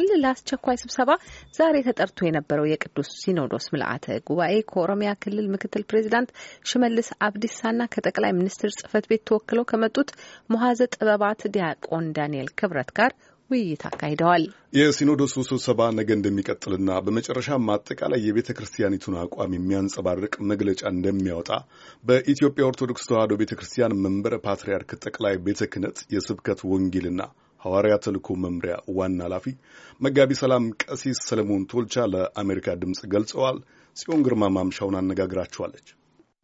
ገልጸዋል። ለአስቸኳይ ስብሰባ ዛሬ ተጠርቶ የነበረው የቅዱስ ሲኖዶስ ምልአተ ጉባኤ ከኦሮሚያ ክልል ምክትል ፕሬዚዳንት ሽመልስ አብዲሳና ከጠቅላይ ሚኒስትር ጽህፈት ቤት ተወክለው ከመጡት መሀዘ ጥበባት ዲያቆን ዳንኤል ክብረት ጋር ውይይት አካሂደዋል። የሲኖዶሱ ስብሰባ ነገ እንደሚቀጥልና በመጨረሻም አጠቃላይ የቤተ ክርስቲያኒቱን አቋም የሚያንጸባርቅ መግለጫ እንደሚያወጣ በኢትዮጵያ ኦርቶዶክስ ተዋሕዶ ቤተ ክርስቲያን መንበረ ፓትርያርክ ጠቅላይ ቤተ ክህነት የስብከት ወንጌልና ሐዋርያ ተልእኮ መምሪያ ዋና ኃላፊ መጋቢ ሰላም ቀሲስ ሰለሞን ቶልቻ ለአሜሪካ ድምፅ ገልጸዋል። ጽዮን ግርማ ማምሻውን አነጋግራቸዋለች።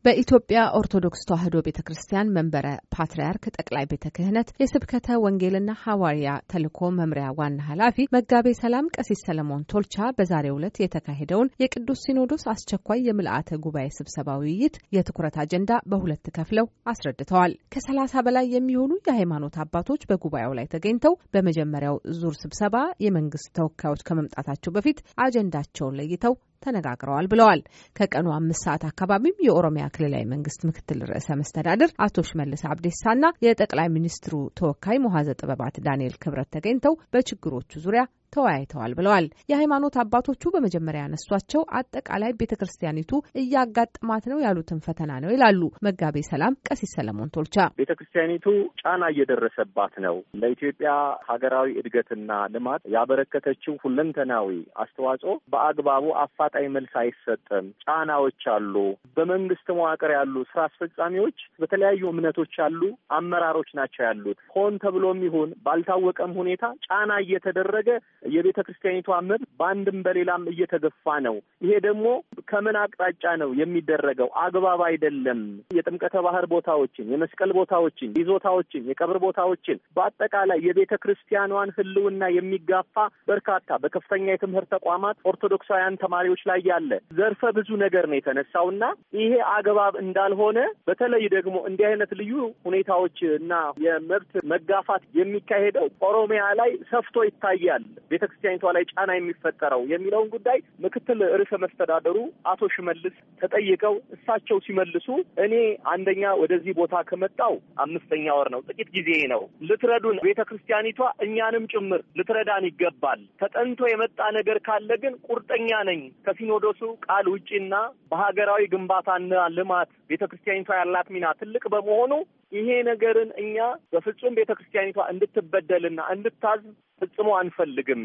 በኢትዮጵያ ኦርቶዶክስ ተዋሕዶ ቤተ ክርስቲያን መንበረ ፓትርያርክ ጠቅላይ ቤተ ክህነት የስብከተ ወንጌልና ሐዋርያ ተልእኮ መምሪያ ዋና ኃላፊ መጋቤ ሰላም ቀሲስ ሰለሞን ቶልቻ በዛሬው ዕለት የተካሄደውን የቅዱስ ሲኖዶስ አስቸኳይ የምልአተ ጉባኤ ስብሰባ ውይይት የትኩረት አጀንዳ በሁለት ከፍለው አስረድተዋል። ከሰላሳ በላይ የሚሆኑ የሃይማኖት አባቶች በጉባኤው ላይ ተገኝተው በመጀመሪያው ዙር ስብሰባ የመንግስት ተወካዮች ከመምጣታቸው በፊት አጀንዳቸውን ለይተው ተነጋግረዋል ብለዋል። ከቀኑ አምስት ሰዓት አካባቢም የኦሮሚያ ክልላዊ መንግስት ምክትል ርዕሰ መስተዳድር አቶ ሽመልስ አብዴሳና የጠቅላይ ሚኒስትሩ ተወካይ መሐዘ ጥበባት ዳንኤል ክብረት ተገኝተው በችግሮቹ ዙሪያ ተወያይተዋል ብለዋል። የሃይማኖት አባቶቹ በመጀመሪያ ያነሷቸው አጠቃላይ ቤተ ክርስቲያኒቱ እያጋጠማት ነው ያሉትን ፈተና ነው ይላሉ መጋቤ ሰላም ቀሲስ ሰለሞን ቶልቻ። ቤተ ክርስቲያኒቱ ጫና እየደረሰባት ነው። ለኢትዮጵያ ሀገራዊ እድገትና ልማት ያበረከተችው ሁለንተናዊ አስተዋጽኦ በአግባቡ አፋጣኝ መልስ አይሰጥም። ጫናዎች አሉ። በመንግስት መዋቅር ያሉ ስራ አስፈጻሚዎች በተለያዩ እምነቶች ያሉ አመራሮች ናቸው ያሉት። ሆን ተብሎም ይሁን ባልታወቀም ሁኔታ ጫና እየተደረገ የቤተ ክርስቲያኒቷ መብት በአንድም በሌላም እየተገፋ ነው። ይሄ ደግሞ ከምን አቅጣጫ ነው የሚደረገው? አግባብ አይደለም። የጥምቀተ ባህር ቦታዎችን፣ የመስቀል ቦታዎችን፣ ይዞታዎችን፣ የቀብር ቦታዎችን በአጠቃላይ የቤተ ክርስቲያኗን ሕልውና የሚጋፋ በርካታ በከፍተኛ የትምህርት ተቋማት ኦርቶዶክሳውያን ተማሪዎች ላይ ያለ ዘርፈ ብዙ ነገር ነው የተነሳው እና ይሄ አግባብ እንዳልሆነ በተለይ ደግሞ እንዲህ አይነት ልዩ ሁኔታዎች እና የመብት መጋፋት የሚካሄደው ኦሮሚያ ላይ ሰፍቶ ይታያል። ቤተ ክርስቲያኒቷ ላይ ጫና የሚፈጠረው የሚለውን ጉዳይ ምክትል ርዕሰ መስተዳደሩ አቶ ሽመልስ ተጠይቀው እሳቸው ሲመልሱ እኔ አንደኛ ወደዚህ ቦታ ከመጣው አምስተኛ ወር ነው፣ ጥቂት ጊዜ ነው። ልትረዱን ቤተ ክርስቲያኒቷ እኛንም ጭምር ልትረዳን ይገባል። ተጠንቶ የመጣ ነገር ካለ ግን ቁርጠኛ ነኝ ከሲኖዶሱ ቃል ውጪና በሀገራዊ ግንባታና ልማት ቤተ ክርስቲያኒቷ ያላት ሚና ትልቅ በመሆኑ ይሄ ነገርን እኛ በፍጹም ቤተ ክርስቲያኒቷ እንድትበደልና እንድታዝ ፈጽሞ አንፈልግም።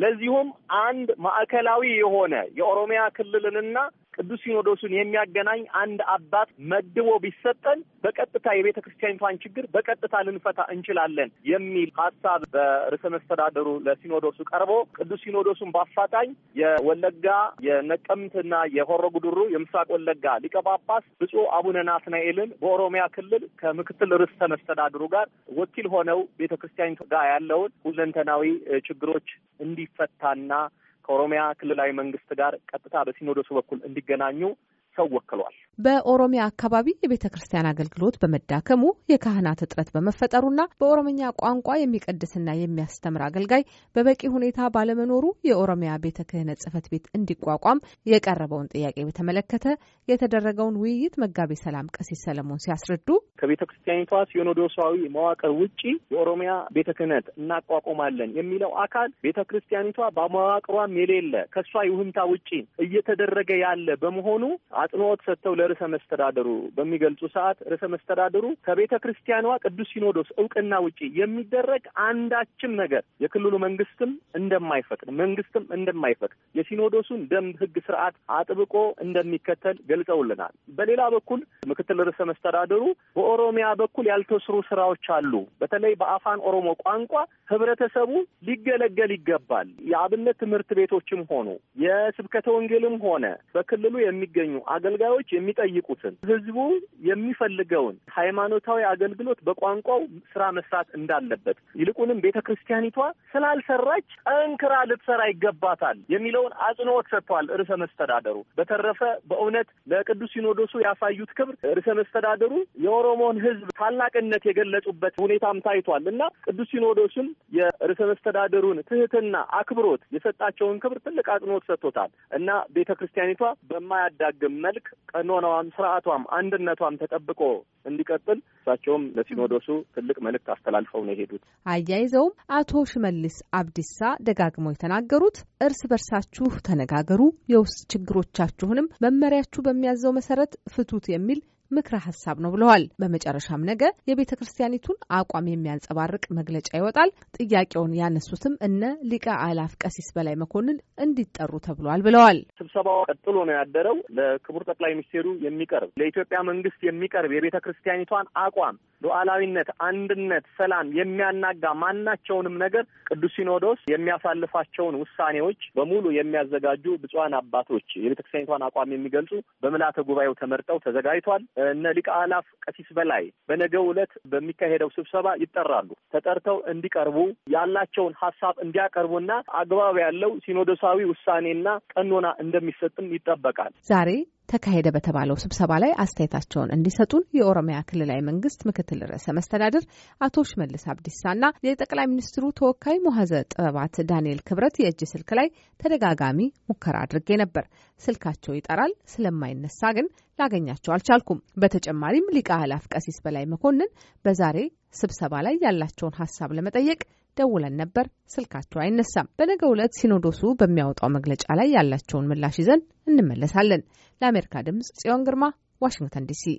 ለዚሁም አንድ ማዕከላዊ የሆነ የኦሮሚያ ክልልንና ቅዱስ ሲኖዶሱን የሚያገናኝ አንድ አባት መድቦ ቢሰጠን በቀጥታ የቤተ ክርስቲያኒቷን ችግር በቀጥታ ልንፈታ እንችላለን የሚል ሀሳብ በርዕሰ መስተዳደሩ ለሲኖዶሱ ቀርቦ ቅዱስ ሲኖዶሱን በአፋጣኝ የወለጋ የነቀምትና የሆሮ ጉድሩ የምስራቅ ወለጋ ሊቀ ጳጳስ ብፁዕ አቡነ ናትናኤልን በኦሮሚያ ክልል ከምክትል ርዕሰ መስተዳድሩ ጋር ወኪል ሆነው ቤተ ክርስቲያኒቱ ጋር ያለውን ሁለንተናዊ ችግሮች እንዲፈታና ከኦሮሚያ ክልላዊ መንግስት ጋር ቀጥታ በሲኖዶሱ በኩል እንዲገናኙ ሰው ወክሏል። በኦሮሚያ አካባቢ የቤተ ክርስቲያን አገልግሎት በመዳከሙ የካህናት እጥረት በመፈጠሩና በኦሮምኛ ቋንቋ የሚቀድስና የሚያስተምር አገልጋይ በበቂ ሁኔታ ባለመኖሩ የኦሮሚያ ቤተ ክህነት ጽህፈት ቤት እንዲቋቋም የቀረበውን ጥያቄ በተመለከተ የተደረገውን ውይይት መጋቤ ሰላም ቀሲስ ሰለሞን ሲያስረዱ ከቤተ ክርስቲያኒቷ ሲኖዶሳዊ መዋቅር ውጭ የኦሮሚያ ቤተ ክህነት እናቋቁማለን የሚለው አካል ቤተ ክርስቲያኒቷ በመዋቅሯም የሌለ ከእሷ ይሁንታ ውጪ እየተደረገ ያለ በመሆኑ አጽንኦት ሰጥተው ለርዕሰ መስተዳደሩ በሚገልጹ ሰዓት ርዕሰ መስተዳደሩ ከቤተ ክርስቲያኗ ቅዱስ ሲኖዶስ እውቅና ውጪ የሚደረግ አንዳችም ነገር የክልሉ መንግስትም እንደማይፈቅድ መንግስትም እንደማይፈቅድ የሲኖዶሱን ደንብ፣ ህግ ስርዓት አጥብቆ እንደሚከተል ገልጸውልናል። በሌላ በኩል ምክትል ርዕሰ መስተዳደሩ በኦሮሚያ በኩል ያልተስሩ ስራዎች አሉ። በተለይ በአፋን ኦሮሞ ቋንቋ ህብረተሰቡ ሊገለገል ይገባል። የአብነት ትምህርት ቤቶችም ሆኑ የስብከተ ወንጌልም ሆነ በክልሉ የሚገኙ አገልጋዮች የሚ የሚጠይቁትን ህዝቡ የሚፈልገውን ሃይማኖታዊ አገልግሎት በቋንቋው ስራ መስራት እንዳለበት ይልቁንም ቤተ ክርስቲያኒቷ ስላልሰራች ጠንክራ ልትሰራ ይገባታል የሚለውን አጽንኦት ሰጥተዋል ርዕሰ መስተዳደሩ። በተረፈ በእውነት ለቅዱስ ሲኖዶሱ ያሳዩት ክብር ርዕሰ መስተዳደሩ የኦሮሞን ህዝብ ታላቅነት የገለጹበት ሁኔታም ታይቷል እና ቅዱስ ሲኖዶሱም የርዕሰ መስተዳደሩን ትህትና፣ አክብሮት የሰጣቸውን ክብር ትልቅ አጽንኦት ሰጥቶታል እና ቤተ ክርስቲያኒቷ በማያዳግም መልክ ቀኖና ቀኖናዋም ስርዓቷም አንድነቷም ተጠብቆ እንዲቀጥል እሳቸውም ለሲኖዶሱ ትልቅ መልእክት አስተላልፈው ነው የሄዱት። አያይዘውም አቶ ሽመልስ አብዲሳ ደጋግመው የተናገሩት እርስ በርሳችሁ ተነጋገሩ፣ የውስጥ ችግሮቻችሁንም መመሪያችሁ በሚያዘው መሰረት ፍቱት የሚል ምክረ ሀሳብ ነው ብለዋል። በመጨረሻም ነገ የቤተ ክርስቲያኒቱን አቋም የሚያንጸባርቅ መግለጫ ይወጣል። ጥያቄውን ያነሱትም እነ ሊቀ አላፍ ቀሲስ በላይ መኮንን እንዲጠሩ ተብሏል ብለዋል። ስብሰባው ቀጥሎ ነው ያደረው። ለክቡር ጠቅላይ ሚኒስቴሩ የሚቀርብ ለኢትዮጵያ መንግስት የሚቀርብ የቤተ ክርስቲያኒቷን አቋም ሉዓላዊነት፣ አንድነት፣ ሰላም የሚያናጋ ማናቸውንም ነገር ቅዱስ ሲኖዶስ የሚያሳልፋቸውን ውሳኔዎች በሙሉ የሚያዘጋጁ ብፁዓን አባቶች የቤተክርስቲያኒቷን አቋም የሚገልጹ በምልዓተ ጉባኤው ተመርጠው ተዘጋጅቷል። እነ ሊቀ አላፍ ቀሲስ በላይ በነገው ዕለት በሚካሄደው ስብሰባ ይጠራሉ። ተጠርተው እንዲቀርቡ ያላቸውን ሀሳብ እንዲያቀርቡና አግባብ ያለው ሲኖዶሳዊ ውሳኔና ቀኖና እንደሚሰጥም ይጠበቃል። ዛሬ ተካሄደ በተባለው ስብሰባ ላይ አስተያየታቸውን እንዲሰጡን የኦሮሚያ ክልላዊ መንግስት ምክትል ርዕሰ መስተዳድር አቶ ሽመልስ አብዲሳና የጠቅላይ ሚኒስትሩ ተወካይ ሞሐዘ ጥበባት ዳንኤል ክብረት የእጅ ስልክ ላይ ተደጋጋሚ ሙከራ አድርጌ ነበር። ስልካቸው ይጠራል፣ ስለማይነሳ ግን ላገኛቸው አልቻልኩም። በተጨማሪም ሊቀ ኃላፊ ቀሲስ በላይ መኮንን በዛሬ ስብሰባ ላይ ያላቸውን ሀሳብ ለመጠየቅ ደውለን ነበር። ስልካቸው አይነሳም። በነገ ዕለት ሲኖዶሱ በሚያወጣው መግለጫ ላይ ያላቸውን ምላሽ ይዘን እንመለሳለን። ለአሜሪካ ድምጽ ጽዮን ግርማ ዋሽንግተን ዲሲ